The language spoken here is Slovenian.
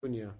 junija